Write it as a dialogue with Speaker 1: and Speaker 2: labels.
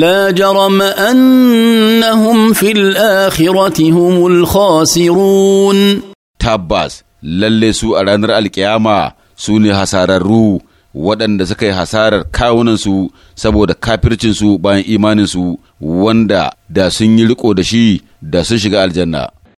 Speaker 1: لا جرم أنهم في الآخرة هم الخاسرون
Speaker 2: تباس lalle su a ranar alkiyama su ne hasararru waɗanda suka yi hasarar kawunansu saboda kafircinsu bayan imaninsu wanda da sun yi riƙo da shi da sun shiga aljanna.